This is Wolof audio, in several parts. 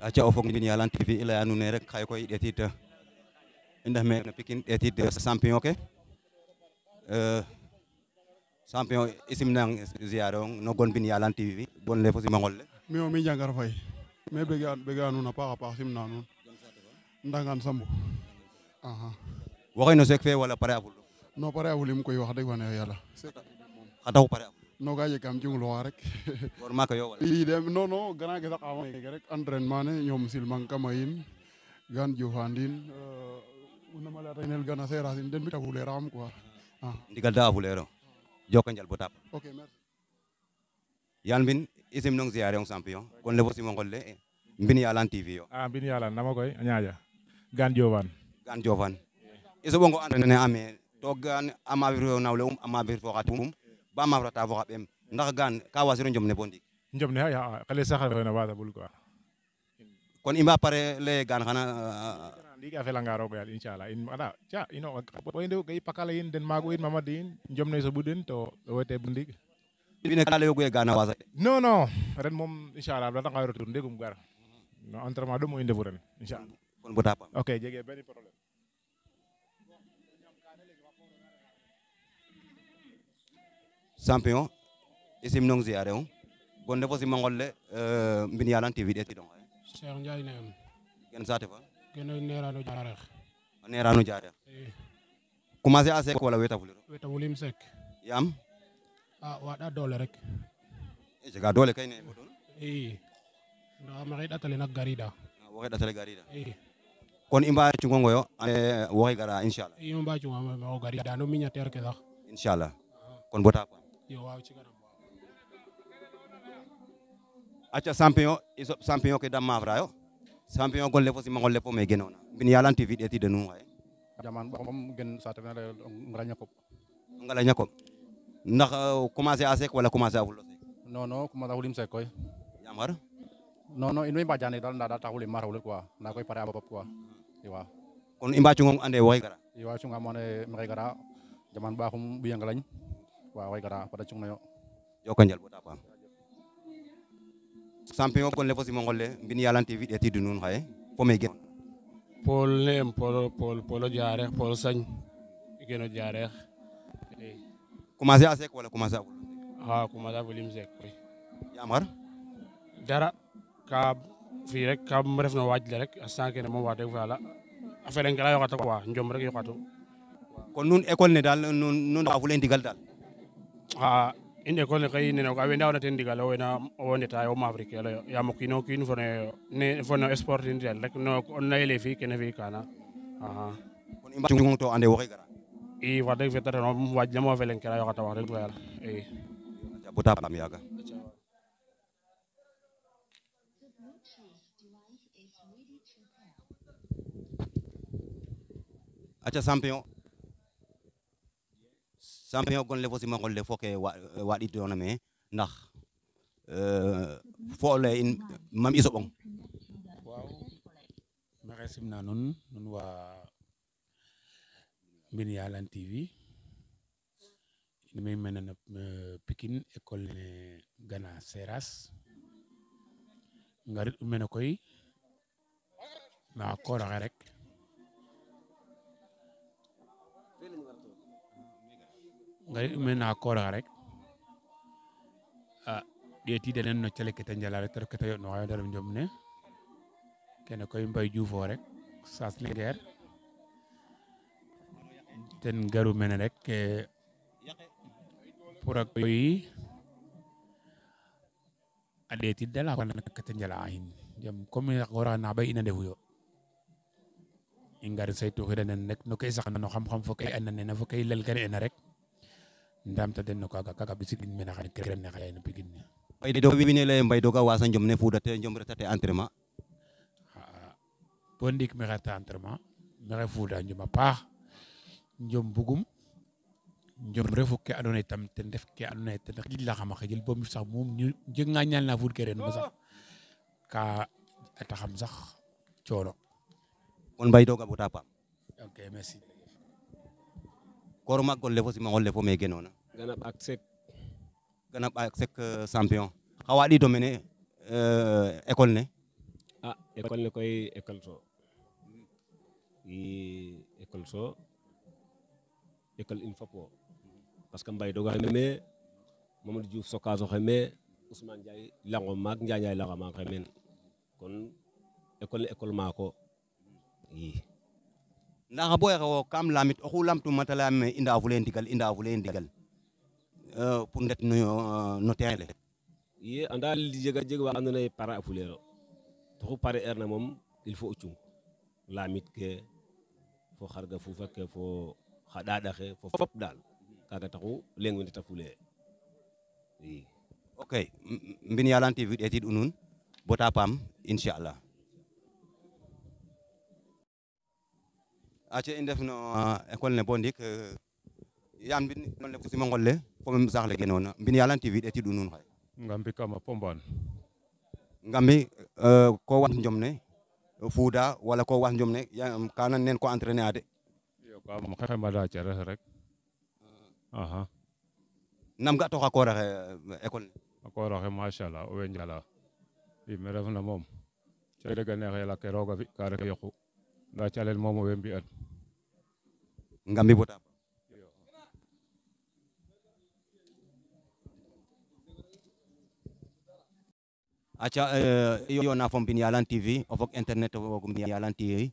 acca o fog mbin yalan tv i leya nuune rek xaye koy i ɗeetid i ndef me no pikin ɗeetid champion ke champion i simna ziare ong no gon mbin yalan tv gon le fo simangol le mi o mi jangar fay mais bege a nuun a paax a paax simna nuun ndangan sambu aha waxey seek fe wala pare a fulu no pare a fulim koy wax deg fa neex yàlla xa taxu pare a noga jeg kam jung loa rek war maka yo wala i dem non non grand ke saqama meke rek entraînement ne ñoom silmang kama yin gan jofandin euh, nama leyata inel gana serasin den mbita ah. a fulero joko njal bo tap ok mbin i simnong siyaare ong champion kon le fo simongol le eh. mbin yalan tv yo ah, mbin yalan nama koy a ñaaƴa gan jofan gan jofan i soɓongo ame to a mabir fo xa tum ba mafrata fo a ɓeem ndax gaan ka wasiro njom ne a ndik njom ne xaya xale saxarena wasa bul quoi kon i mba pare lay gaan xana euh, a a felanga roog yaal inchallah in a ca ino bo i ndew ga i pakala in den maago in Mamady in njom ne soɓu den to wote bo ndik wiin we ka layogu yee gaana waasa non non ren moom inchallah data nga retour ndegum gar no entraînement ɗomo i ndefu ren inchallah kon bo ta ok jege benn champion i simnong siyaare um gon refo simangol le euh, mbin yalan tv ɗetidong xaye eh. Cheikh Ndiaye ne'em saate fa geno neerano Diarekh o neerano a eh. seek wala weta fuliro weta fulim seek yaam a ah, waaɗa doole rek i eh, jega doole kay ne ɓodun i nda maxey ɗatale nak garida ah, woxey ɗatale garida kon i mba cungongo yo woxey gara inchallah i mba cunga maxo garida no miniateur ke sax kon bota yow ci kanam acca champion iso champion ke damma afrayo champion golle fo sima golle fo me genona mbin yalan tv ɗetide num xaye jaman ɓaxom gen saate fe leyel ngara ñakoɓ ngala ndax euh, commencer a seek wala commencer a fulo seek non non commencer a fulim seek koy yaam xar non non in way mbajane dal nda dal taxulim ma rewle quoi nda koy pare a mbapap quoi iwa kon i mbacungong ande waxey gara iwa cunga moone maxey gara jaman ɓaxum ɓiyangalañ wa way gara njal bo ta paam champion gon le fo simongol le mbin yalan tv ɗetidu nuun xaye fo me gen pol ne polo jareex pol sañ geno a seek wala commencer a fulum xa commencer a fulim seek koy yaam xar dara ka fi rek kam ref waaj le rek instant kene moom wax fa yàlla a feleŋ ke la yoxata kon nun école ne daal nun nun ndigal daal xa i école ne xay nene o ga we ndaaw na teen ndigal owena owo ndeta yo maaf rik kelo yo yaam o kiin o kiin fo ne fo no sport in ten rek no leyele fi kene fi kana axa kon i mba to ande waxey gara i wax deg fe te refna moom waaj lamo fe leng ke leyo xata wax deg fa yala i e. bota paam yaaga aca champion champion gonle fo simanqol le fo ke waaɗitoona me ndax euh, fo o lay in mam i soɓong waaw maxey simna nuun nuun wa Mbine Yalane TV in way mene no euh, Pikine école ne gana Seras ngarit u mene koy na xa koor axe rek ngari ɗum en ha koora rek a ah, ƴeetide nen no cele kete jalare tar kete yoɗno wawi nder joom ne kene koye mbay juufo rek saslinger ten garu mene rek e pour ak koyi a ɗeetid dal hakona kete jala hin jam comme xora na ɓay ina ndefu yo i ngar saytu xirana rek no kay saxna no xam-xam fo kay andanena fo kay lelkane ena rek ndamta denno kaga kaga bisigin mene xaye crème ne xaye no pigin ne wiin we leye mbay wasa njom ne fuuda te njom reta te entraînement bo ndiik maxey reta entraînement maxey fuuda njom refu ke andoona yee tam ten ref ke andoona yee ten xijlaxam a xijil bo sax moom jeganga ñaal na fuud ke renuma sax ka taxam sax coono kon mbay doga bota kooro maak gon le fo simanqol le fo me genoona gana ɓaak sek gana ɓaak sek euh, champion xa waaɗiido mene euh, école ne a ah, école ne koy école so i école in fop parce que mbay doga xey me Mamadou Diouf Sokaas oxey me Ousmane Ndiaye lango maak Ndiaye Ndiaye laxa maak xey meen kon école ne école maako ndaxa boy xewo kam lamit oxu lamtuma ta leyame i ndafule ndigal i ndigal euh, pour ndet no euh, terrain le ye anda jega jeg wa andoona yee para a fulero taxu pare erna moom il faut o cung fule i ok mbin yalan tv ɗeetid u nuun bota paam inchallah ace i euh, école ne bo ndiik euh, yaam mbin no le le fo meme saax mbin Yalane TV eetiidu nuun xaye ngambi kama pombaan ngambi euh, ko wat njom ne wala ko wat njom ne ka nan ko entraîner de iyo kam xexemada ceres rek axa nam ga toxa koor axe école ne a koor axe njala i me refna moom cegel a neexe ke rooga fi ka rek yoqu nda calel moom owey mbi'an ngamivota hapa aca iyo eh, na fo mbin yalan tv o internet o fog mbin yalan tv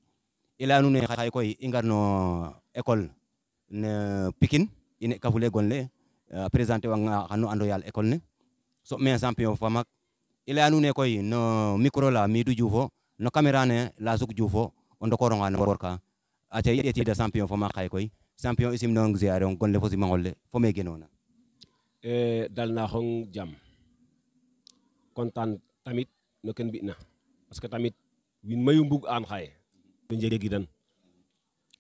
i leya nuun xaye koy i ngar no école no pikin i ne ka gon le eh, présenter wanga xanu ando yaal école ne soɓ me champion fa i leya nuun koy no micro la Midou Diouf no caméra ne Lassouk Diouf o ndokoronga no ngoor ate i ɗeetiida champion fo maak xaye koy champion i simnong siareong gonle fo simanqol le fo me genoona eh, dalnaxong jam content tamit no ken mbi'na parce que tamit wiin mayu mbug'aam xaye to njegiran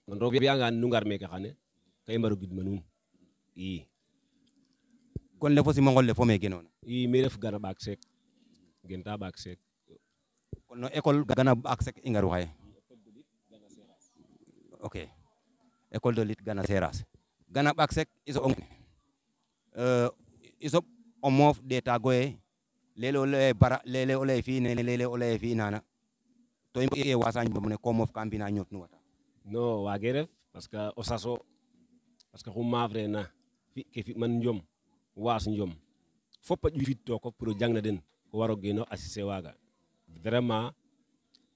kon roog fi'angaan nu ngar meeke xane ka i mbar o gidma nuun i gonle fo simanqol le fo me genoona i mi ref gara ɓaak seek gen ta ɓaak seek kon no école gana ɓaak seek i ngaru xaye ok école de lutte gana seras gana ɓaksek iso euh, o moof ɗetago ye lele o leye bara lele o leye fi nene lele o leye fi nana to i wasañ bomne ko moof ka mbina ñotnu wata non wage ref parce que o saso parce que xu maaf rena fi ke fi man njom waas njom fop a ƴufid tokof pour o jang na den o waro genoox assister waaga vraiment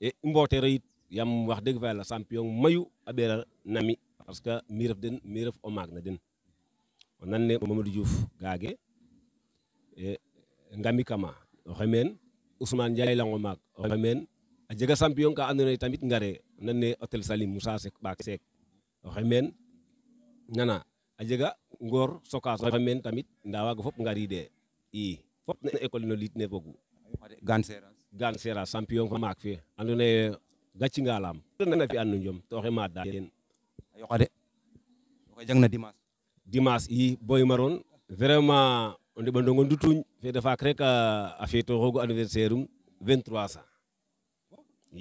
i e mbotero yit yam wax dëgg fa yàlla champion mayu aɓeera nami parce que mi ref o maag na den o nan ne Mamadou Diouf gaage e, Ngami Kama oxey meen Ousmane Ndiaye lang o maak oxey meen a jega champion ka andoona yee tamit ngare nan ne hôtel Salim Moussa Seck Baak Seck oxey meen nana a jega Ngor Sokas oxey meen tamit ndaa waaga fop ngariidee i fop na école ne fogu Gan Seras champion fa maak fe andoona yee gàcci ngaalaam na fi ànd ñoom tooxe ma daa leen yoxade yoxe jang na dimanche dimanche i boy maroon vraiment o ndeɓandong o ndutuñ fede faak rek euh, a feetooxoogu anniversaire um 23 ans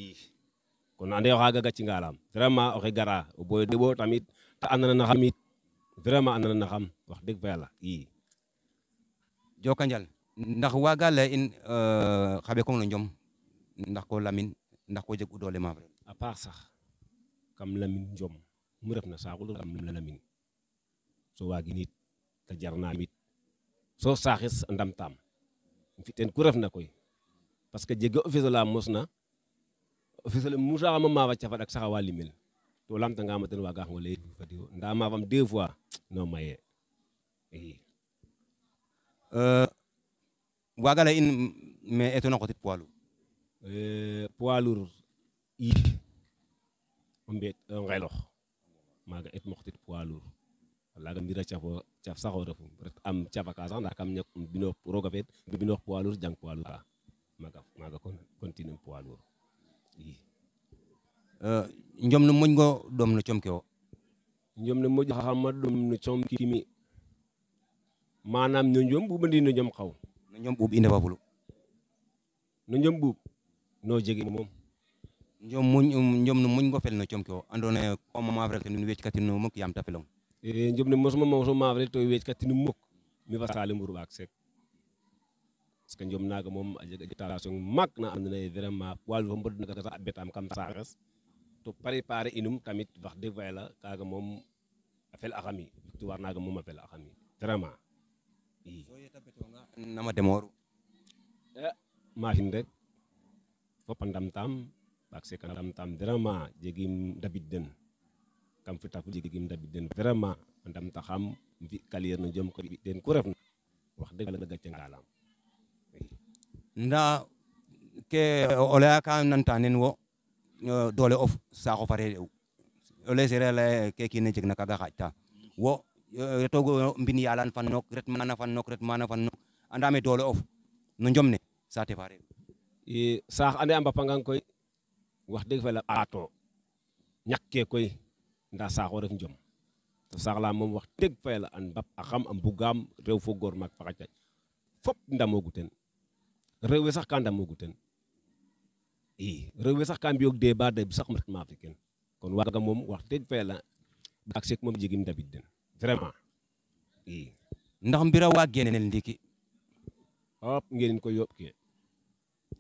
i kon ande o xaaga gàcci ngaalaam vraiment oxe gara o boy deɓo tamit te andana na xamit vraiment andana na xam wax dëgg fa yàlla i jokonjal ndax waaga lay in euh, xaɓe kong no ndax ko lamin ndax ko jeg u doole maaf ren a paax sax kam lamin njom mu ref na saaxul kam lamin so waagin it ta jarnaam so saaxis a ndamtaam um fi ku ref na koy parce que jege o fiso la mos na o maafa cafa saxa wa limel to lamtangama ten waagax ngo ley nda maafam deux fois non maye euh, in me eetona xotit poids lourd Euh, poids lourd yii ombe euh, ngaylox maga et moxtit poids lourd laga mbira cafo caf saxo refu ret am cafa ka sax nda kam ñak bino roga feet bino poids lourd jang poids lourd maga maga kon continue poids lourd i euh, njom no moƴgo ɗom no comke o njom no moƴo xama ɗom no comkimi manam no njom ɓuɓandi no njom xaw no njom ɓuɓ i ndefa fulu no njom ɓuɓ no jegi moom jom muñ jomno muñgo felno comke o andoona yee comme maafrel ke nuun weeckatinum muk yaam ta felong e jomne mosma moso maafrel to weeckatinum muk mi fa salim ɓurɓaak sek parce que jom naaga moom a jeg na andoona yee vraiment walu inum tamit wax dëgg fa kaaga moom a fel axam i victoire naaga moom a fel axam i vraiment i nama demoru e eh, maafin rek fopandamtam baksekandamtam vraiment jegim dabidden kam fitafu jegim dabidden vraiment a ndamtaxam mbi carrière no jom ko mbi ten ku refna wax la gàcce ngalam nda ke o leya ka nanta nen wo doole of saaxo fare u o le sereer leye ke kiine jeg na kaga xaajta wo retogo mbin yalan fan nok ret mana fan nok ret mana doole of no njom saate fa saax ande a mbapangang koy wax dëgg fa la aato ñakkee koy ndaa saaxo ref njom to saax la moom wax dëgg fa yàlla an mbap a xam a mbugaam rew fo goor maak faxa fop ndamoogu ten rew we sax ka ndamoogu ten i rew we sax ka mbiyoog dee ba dee sax ret maafi ken kon waaga moom wax dëgg fa yàlla jegim ndabid den vraiment i ndax mbira waa geneel ndiiki hop ngeenin koy yoob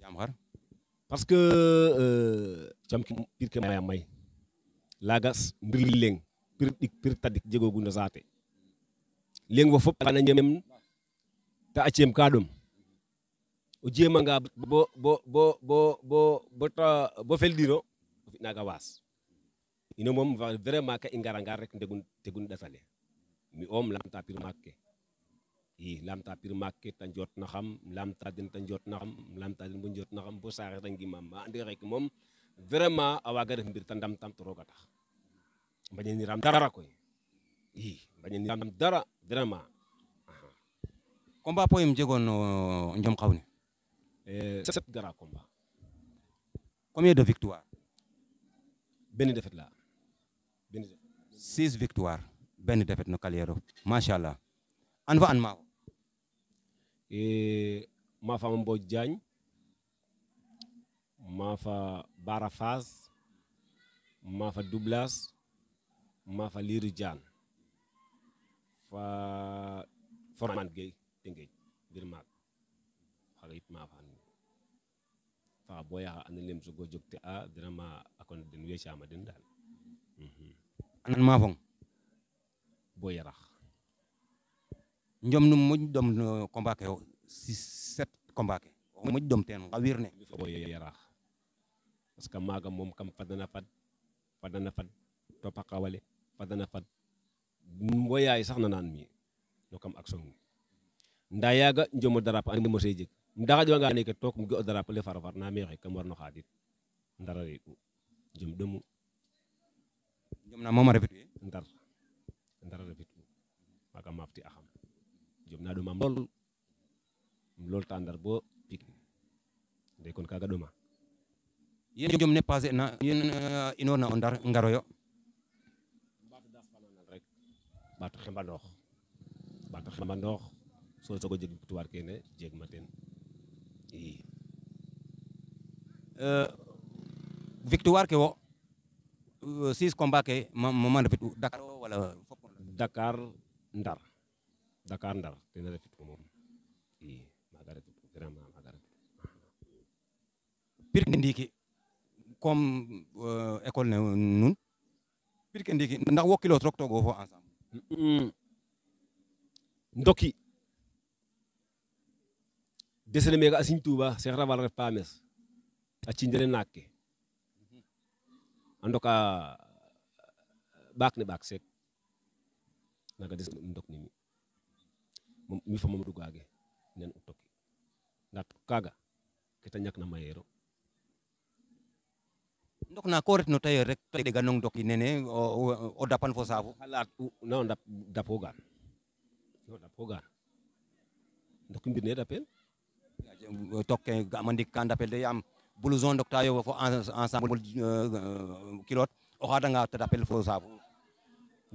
jaam xar parce que euh, camki pirke maya may laga mbir leng pir ɗik pir tadik saate leng wo fop ana ñemem ta a ka ɗom o jeemanga bo bo bo bo bo bo o fi naga waas ino moom vraiment ka i ngaranga rek tegun ɗatale mi om lamta pir maak i lamta maket tan jot na xam lamta den tan jot na xam lamta den bu jot na xam saxe tan gimam ma ande rek moom vraiment a waaga ref mbir ta ndam tam to roga tax mbañe ni ram dara koy i ni ram dara vraiment combat poyem jegoon no njom xaw ne eh, sept gara combat combien de victoire benn défaite la benn défaite six victoire benn défaite no carrière macha allah an fa an maa E, Mafa Mbodj Diagne Mafa Bara Fass Mafa Douglas Mafa Lirou Diane fa Formane Gueye Tengej bir maak xaga yit Mafa faa bo yaxa anda lem sogo jog te a vraiment a kona den we den daal mhm. anan ma fong bo yarax jom num moƴ ɗom no combat ke o six sept combat ke wiir ne yaraax parce que maaga moom kam fad fadana fad topa qawale fadana fad wo yaay sax na naan mi no kam action ndaa yaaga njom darap andi mose jeg ndaxa ƴowanga neke took um o darap le far far na meexe kam warno xaadit ndara reeɗ u jom ɗomu jom na moom a refit ndar ndara refit u maaga maaf axam jom na ɗoma mbollu ɗum loltadar bo pikin nde kaga ɗoma yen jom ne na yen euh, inorna o ndar ngaroyo mbato daspanonal mbato xembandoox so sogo jeg victoire kene jeg ten euh, victoire ke wo euh, six ke mama dakar ndar Dakar Ndar dina ndiiki comme euh, école ne nuun pir ndiiki ndax wo kilo rok togo fo ensemble ndoki desene mega a Sëñ Tuuba Cheikh Rafal ref pames a cinjene naak ke a ndoka ɓaak ne ɓaak seek ndok nimi mi fo mamadou gaage nen u toki ndat kaga kete ñakna mayero ndokna ko retno tailleur rek to ɗega nong doki nene o dapan fo saafu na o dap dap ndoki mbir dapel tok ke ndik ka ndapel de yaam blouson ndokta yo fo ensemble euh, kilot o xadanga te dapel fo saafu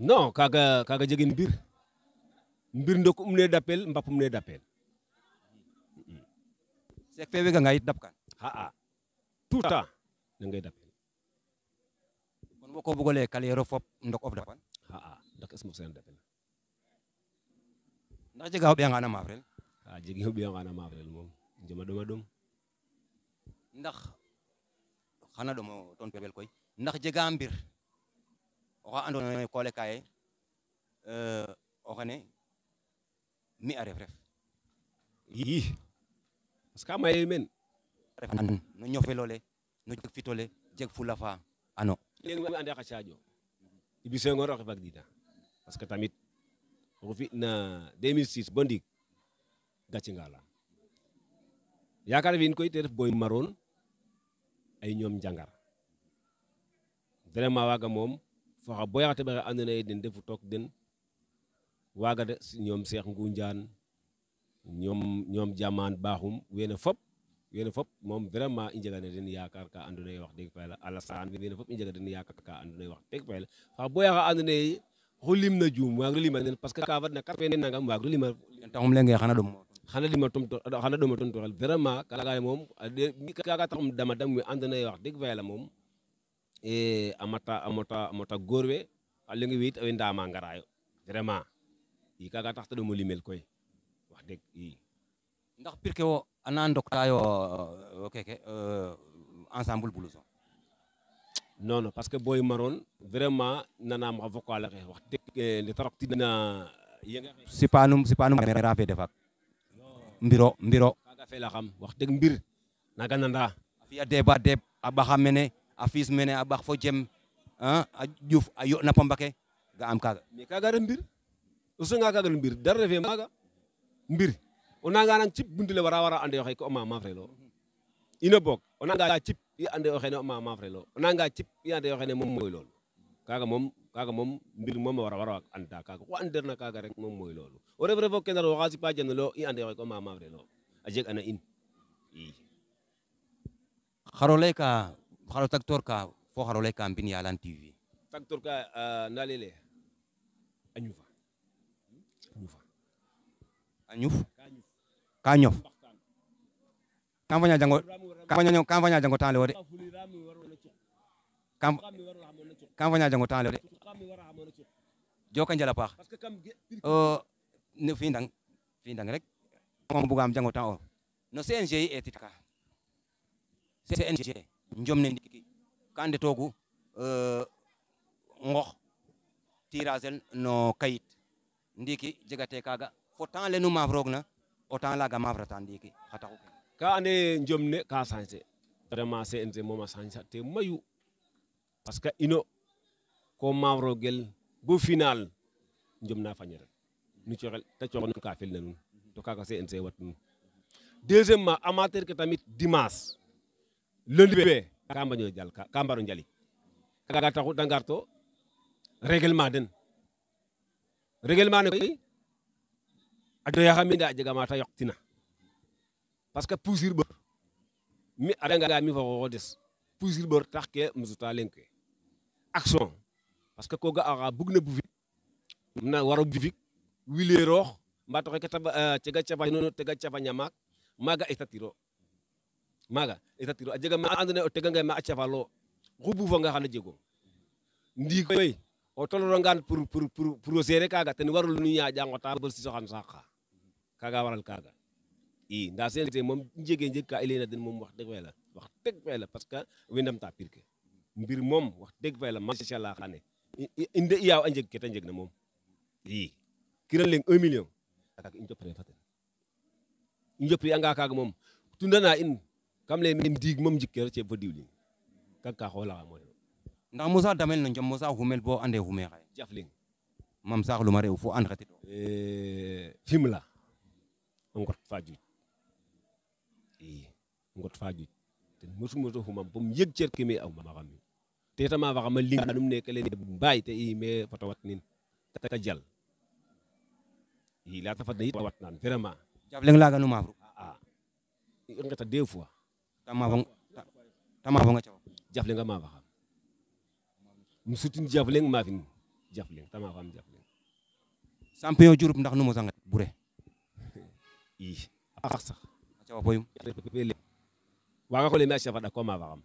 non kaga kaga mbir mbirnde ko umne dappel bappumne dappel sek fe wega yit dap aa tout temps dappel kon wo ko bugole kalero fop ndok of dapan aa ndok es mof sen dappel ndax jega o ɓeyangana mafrel a jegi o ɓeyangana mafrel moom joma ɗoma ɗom ndax xana ɗomo toon perbel koy ndax jega mbir oxa andoona yee koole kaye euh, o xene mi'arefref i kama yemen no ñofelole no jeg fitole jeg fula fa ano ah, leegi ande xa cajo Ibi Senghor a xefak dida parce que tamit oxu fina 2006 bo ndiik gàcce nga la yaakaar fi in koy te ref boy maroon ay ñoom njangar vraiment waaga moom fo xa boya xa teɓaxe andoona yee den defu took den waaga de ñoom Cheikh Ngunjaan ñoom ñoom jamaan baaxum weene fop weene fop moom vraiment i njega ne den yaakaar ka andoona yee wax dëgg fa yàlla alasaan weene fop i njega den yaakaar ka andoona yee wax dëgg parce que ka fadna kat fene nangam waagiro lima taxum lenge xana ɗom xana lima tomto moom kaaga taxum dama dam we andoona yee wax dëgg fa yàlla moom eh, góor we a vraiment i kaga tax ta limel koy ndax pir ke wo ana ndoktayo euh, keke euh, ensemble blouson non non parce que boy maron vraiment nanam xa vocal axe wax deg ne euh, ta roktidna yenga sipanum sipanum ra fede faak mbiro mbiro kaga fela xam wax deg mbir naga nanda a fiya deba deb a ɓaxa mene a fiis mene a ɓax fo jem a ƴuf a yoɗ na ga am kaga mais kaga ref mbir soga kaaga mbir dara refe maaga mbir o nanga nan cip buntu le wara wara ande o xeke ma maaf relo i ande o xene o ma maaf relo cip i ande o moom mooy loolu kaaga moom kaaga moom mbir moom wara wara anda kaaga xu andeer na kaaga rek moom mooy loolu o ref refo ke nar waxa sipa i ande o xeke o ma maaf a jeg ana in i lay ka xaro taktor fo xaro lay ka mbin Yalane TV taktor ka euh, na añuf ka ñof kam faña jango kam de kam faña jango temps de joko njal a paax euh, fi ndang fi ndang rek moom bugaam jango temps o no CNG i eetit ka CNG njom ne ndiki ka ndetoogu euh, ngox tirage no kayit ndiki jegate kaaga fo temps lenu maaf roog na o temps laga mafrata ndiiki xa taxu ke ka ande njom ne ka changer vraiment CNG moom a changer te mayu parce que ino ko maaf roogel bo final njom na fañeran nu coxel te coxon ka fel na nuun to kaga CNG wat nuun deuxièmement amateur ke tamit dimanche lundi ka mbaño jal ka mbaro njali kaga taxu da ngar to règlement den ne koy aɗa yahaminde a jegamata yoqtina par ce que pusir ɓor mi a renganga mi pusir ɓor tax ke um suta leng parce que ko ga'a xa bug na bufik na waro bufik wileroox mbato xe tega euh, caba nono tega caba ñamaak maaga etatiro maaga etatiro a jega ma andoona yee o teganga ma a cafalo xu bufanga xana jego ndiig koy o tolwangaan pour pour pour o seere kaaga ten warulu nu ñaaƴa nqota bol siso xan saaqa kaagaa waral kaaga i nda CNG moom njege njeg ka i layna moom wax dëgg fa yàlla wax parce que we mbir moom wax dëgg fa yàlla machallah xane in de i yaaw a njeg ke ta njeg na moom i kiran leng un million kaaga i njopre fa ten i njopri anga kaaga moom tundana in kam lay me ndiig moom jikkero ceeb fo diwlin kaaga ka xoolaxam o ndax mosa damel no jam mosa xumel bo ande xume xaye jaf leng mam saax luma rew fo an xatito eh, fimela ngot faajuj i ngot faajuj ten mosum to humam bom yeg cer ke me aw maxami te tama faxa ma linga num ne kele mbaay te i me fata nin ta jal i lata fadna yit wat nan vraiment jaf leng laga nu mafru ah, ah. a ngeta deux fois tama fong tama fonga caw jaf lenga ma faxa um sutin jaf leng mafin jurup ndax nu mo bure i afarsa acawa poyum waga ko lemi a cafa ko mafa xam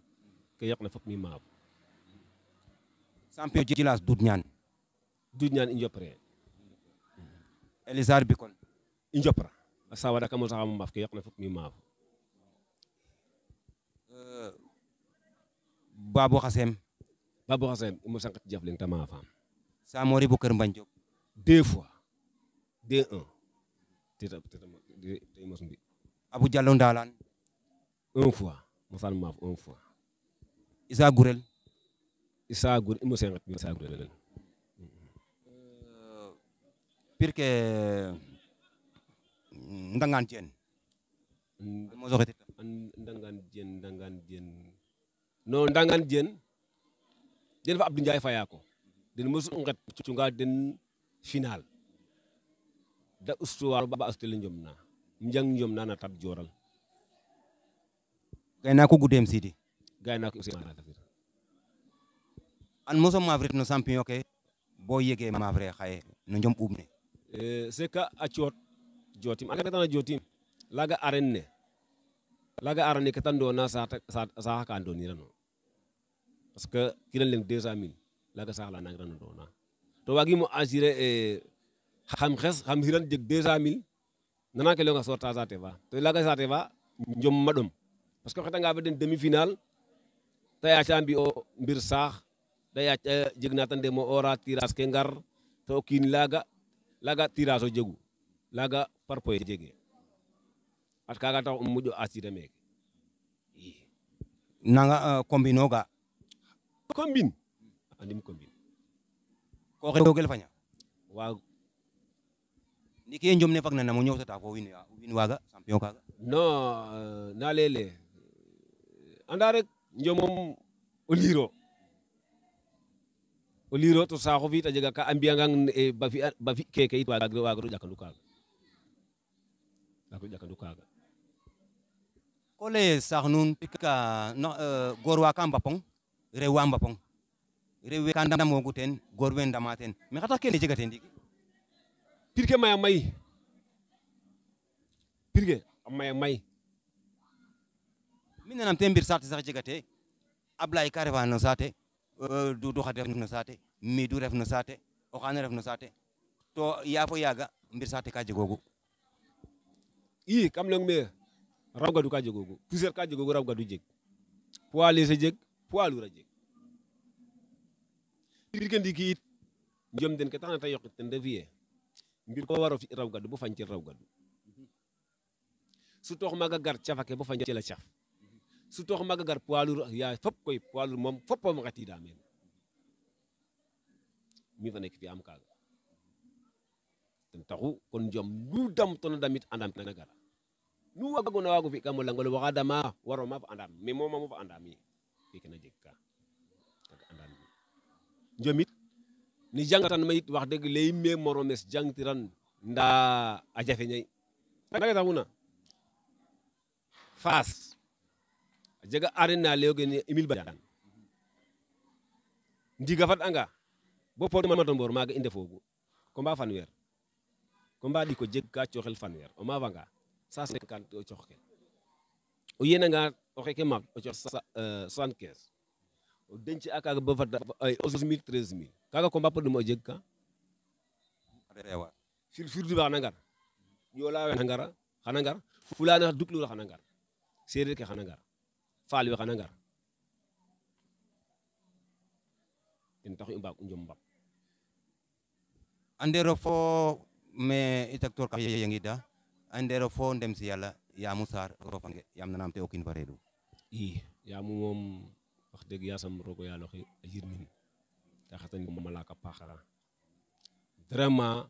ke yoqna fop mi maaf champion jilas dud ñaan dud ñaan i njopre elisar bikon i njopra a sawa ɗaka mo saxamo maaf ke yoqna fop mi maaf euh, babou xasem babou xasem i mo sanqit jaf ta maafaam samori bu kër mbañ job fois deux un day mos mbi Abou Diallo Ndaalaan un fois mosaan maaf un fois Issa Gourel Issa Gourel imo sengat mi Issa Gourel ndangaan jeen ndangaan jeen ndangaan jeen jeen fa Abdou Ndiaye faya ko den nget cunga den final da ustuwaar ba astel njom na njang jom nana tab joral gaynako gudem sidi gaynako usmana tafir an moso mavrit no champion ke bo yege mavre xaye no jom ubne e eh, c'est que a ciot jotim an tana jotim laga laga arenne ke tan do na sa ka ando parce que kilan leng 200000 laga sa la nang rano do to wagimo agire e eh, xam xes xam hiran jeg 200000 nana ke leyoonga sorta saate fa to laaga saate fa njom maɗom parce que o xetanga fo den demi final te yaaca mbi o mbir saax da yaaca jeg ta ndemo ora tirage ke ngar to kiin laaga laaga tirage jegu laaga par point jege at kaaga tax um moƴo assurer meeke nanga euh, combine oga andim combine ko xetoogel faña ndi ke jomne fag euh, na namo ñowtata fo wiin wiin waaga champion kaaga na leyele anda njomom o liiro o liiro to saaxof a jega ka a mbiyangang e, ba fi ba fi keke it waagiro waagiro ƴakandu kaaga waagiro ka euh, goor rew wa mbapong rew we ka ndamogu teen goor we ndama teen mais xa tax jega te ndiiki pirke maya mayi pirke a maya mayi mi nanam te mbir saate sax jegate Ablaye ka refa no saate euh, Doudou xa ref no saate Midou ref no saate o ref no saate to yaa fo yaaga mbir saate ka jegoogu i kam leyong me raw gadu ka jegoogu poussière ka jegoogu raw gadu jeg poids léger jeg poids lourd jeg pirke ndiiki it ke taxna te yoqit ten refu mbir ko waro fi raw gaddu bo fañtel raw gaddu sutoox maaga gar cafake bo fañtel a caf sutoox maaga gar poilur yaay fop koy poilur moom fopom xatida meen mi fa nekk fi am kaaga ten taxu kon jom nu damtona damit andam na gara nu waagona waago fi kam o langole waxa dama waro ma fa andam mais mooma mo fa andam ye feke na jeg ni jangatan mayit wax dëgg ley me moromes jangtiran nda a jafeñay naga taxuna faas a jega arène na layoge ne Émile Badiane ndiiga fad'anga bo pormato mboor maaga i ndefoogu combat fanweer combat ɗik o jeg ka cooxel fanweer o maafanga cent cinquante o coox kel o o xeke maak o coox euh, soixante denci akaga ba fadda ay 11000 13000 kaga combat podɗum o jeg ka rewa firfirduɓe xana ngar ñoolawe xana xana ngar fulane xa duklura xana ngar sereer ke xana ngar faal we xana ngar ten taxu i mbaag njom mbap andero fo me i ka yengida andero fo ndem si yàlla yaamu saar rofange yaam nanaam te o fa reedu i yaamu moom wax dëgg yasamrogo yaloxe a yirmin taxatan malaka paxara vraiment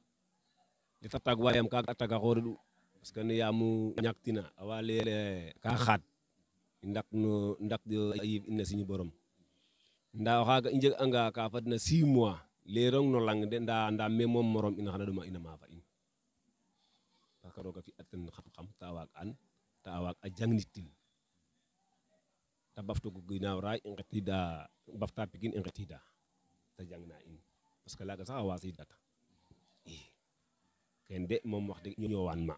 li ta tag wa yam kaga taga xoreɗu parce que ne yamu ñaktina awa leyele ka xaad ndak no ndak yiif in na siñu borom nda o xaaga i njeganga ka fadna 6 mois leerong no lang de nda nda moom morom in xana ɗoma ina maafa in parce que roga fi'atan xam xam ta waag an ta waag a jangnitin ta baftugo ginaaw raay i ngetida bafta pikin i ngetida ta jang na in parce que laga sax a wasidata i kene de moom wax ñowaan ma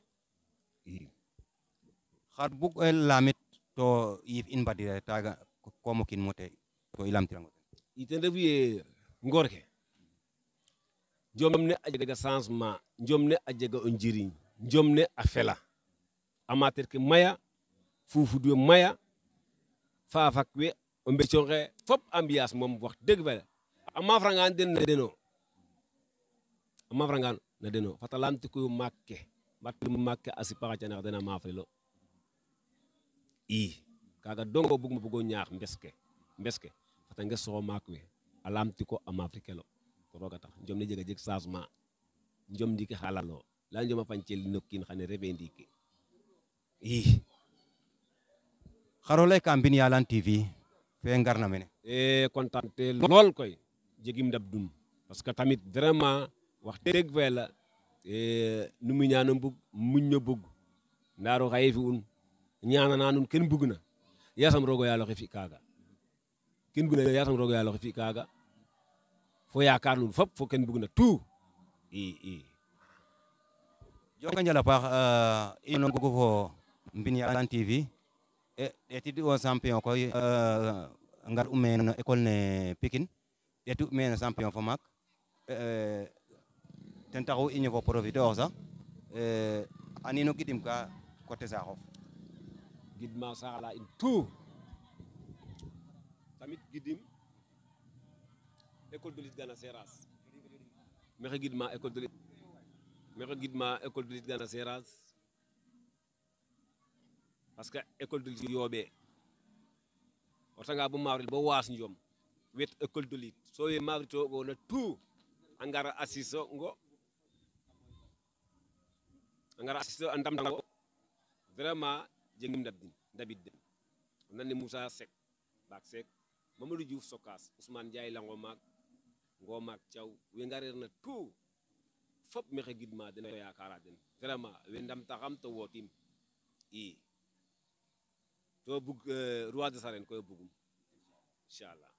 xar bug o lamit to yiif in mbadida taaga komo kin mo to i lamtirango ten i ten refu ye ngoor ke a jega changement njom ne a jega o njiriñ a fela amateur ke maya fufudu maya fafak we o mbeconxe fop ambiance moom wax dëgg fa a mafrangan den na deno a mafrangan na deno fata lamtikuyu maak ke mbat maak ke a sipaxa canax den a mafrelo i kaga dongo bug ma bugo ñaax mbes ke mbes fata nges maak we a lamtiko a mafrikelo ko roga tax njom ne jega jeg changement njom ndiki xalalo la njoma fañ celino kiin xane refe ndiiki i xarolay kambin yalan tv fe ngarna mene e lool koy jegim dab dum parce que tamit vraiment wax dëgg fa la e nu mu ñaana bug muñ na bug ndaaro xaye fi un ñaana naa nun kenn bug na yasam rogo yalo fi kaaga kenn bug na yasam rogo yalo fi kaaga fo yaakaar nun fop fo kenn bug na tout i i jokonjal a paax euh, i no ngogu fo TV E, etude o champion koy eh, eh, ngar u no école ne Pikine etu meen champion fo maak e, e, ten taxu i ñofo profiter sax anin o gidim ka coté saaxof gidma saaxla in tout tamit gidim école de lutte Gana Seras école de lutte parce que école de lutte yoobee wartangaa bo mawrel bo wasndiom wet école de so wi mawritogona tout a ngara assise o ngo a ngara assise o a ndamtango vraiment jegim ndabdin ndabidden o nanne Moussa Seck Baak Seck Mamadou Sokas Ousmane Ndiaye lango maak ngo maak Thiaw we ngareer na tout fop maxey gidma den to yakara den vraiment we ndamtaxam to wootim i doo bugg euh, roi des arènes koy buggum incha allah